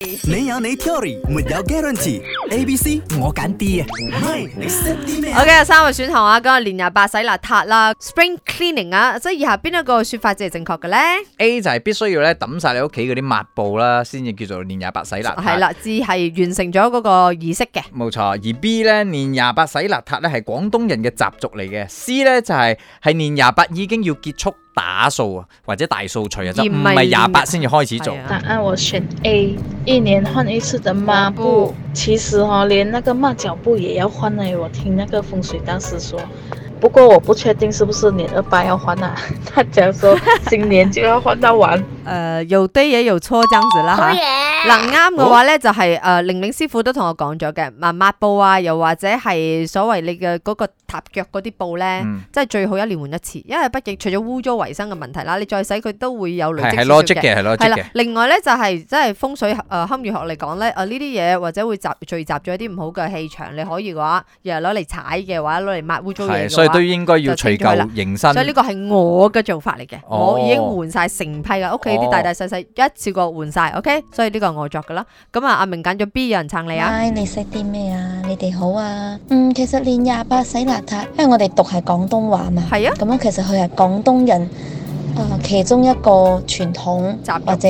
你有你 theory，沒有 guarantee ABC?。A、B、C 我揀 D 啊！OK，三個選項啊，咁年廿八洗邋遢啦，spring cleaning 啊，即係以下邊一個說法至係正確嘅咧？A 就係必須要咧抌晒你屋企嗰啲抹布啦，先至叫做年廿八洗邋遢。係、哦、啦，至係完成咗嗰個儀式嘅。冇錯，而 B 咧年廿八洗邋遢咧係廣東人嘅習俗嚟嘅。C 咧就係、是、係年廿八已經要結束。打掃啊，或者大掃除啊，即係唔係廿八先要開始做。答案我選 A，一年換一次的抹布，布，其實哦，連那個抹腳布也要換咧。我聽那個風水大師說。不過我不確定是不是年二八要換啦，啊， 他講說新年就要換到完。 誒、呃，有對也有錯，這樣子啦。啱嘅，oh yeah! 話咧、oh. 就係、是、誒，玲、呃、玲師傅都同我講咗嘅，抹、啊、抹布啊，又或者係所謂你嘅嗰個踏腳嗰啲布咧，即、mm. 係最好一年換一次，因為畢竟除咗污糟衛生嘅問題啦，你再洗佢都會有累積，嘅，係累積，另外咧就係即係風水堪輿、呃、學嚟講咧，誒呢啲嘢或者會集聚集咗一啲唔好嘅氣場，你可以嘅話，日日攞嚟踩嘅話，攞嚟抹污糟嘢我都應該要除舊迎新，所以呢個係我嘅做法嚟嘅、哦。我已經換晒成批嘅屋企啲大大細細一次過換晒、哦。OK，所以呢個我作嘅啦。咁啊，阿明揀咗 B，有人撐你啊 h、哎、你識啲咩啊？你哋好啊。嗯，其實年廿八洗邋遢，因為我哋讀係廣東話嘛。係啊。咁啊，其實佢係廣東人啊、呃，其中一個傳統，習或者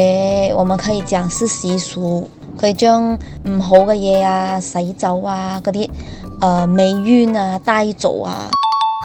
我們可以講是時俗，佢將唔好嘅嘢啊洗走啊嗰啲啊，美冤啊，低俗啊。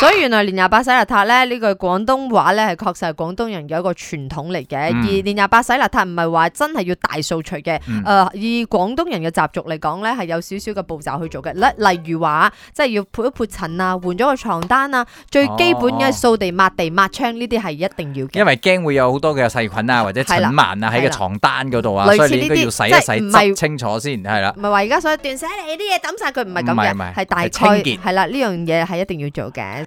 所以原來年廿八洗邋遢咧呢句廣、這個、東話咧係確實係廣東人嘅一個傳統嚟嘅、嗯。而年廿八洗邋遢唔係話真係要大掃除嘅。誒、嗯呃，以廣東人嘅習俗嚟講咧係有少少嘅步驟去做嘅。例如話，即係要潑一潑塵啊，換咗個床單啊，最基本嘅掃地、抹地、抹窗呢啲係一定要嘅。因為驚會有好多嘅細菌啊，或者塵蟻啊喺個床單嗰度啊，類似呢啲要洗一洗執、就是、清，清楚先係啦。唔係話而家所以斷捨離啲嘢抌晒，佢，唔係咁嘅，係大概。清潔係啦，呢樣嘢係一定要做嘅。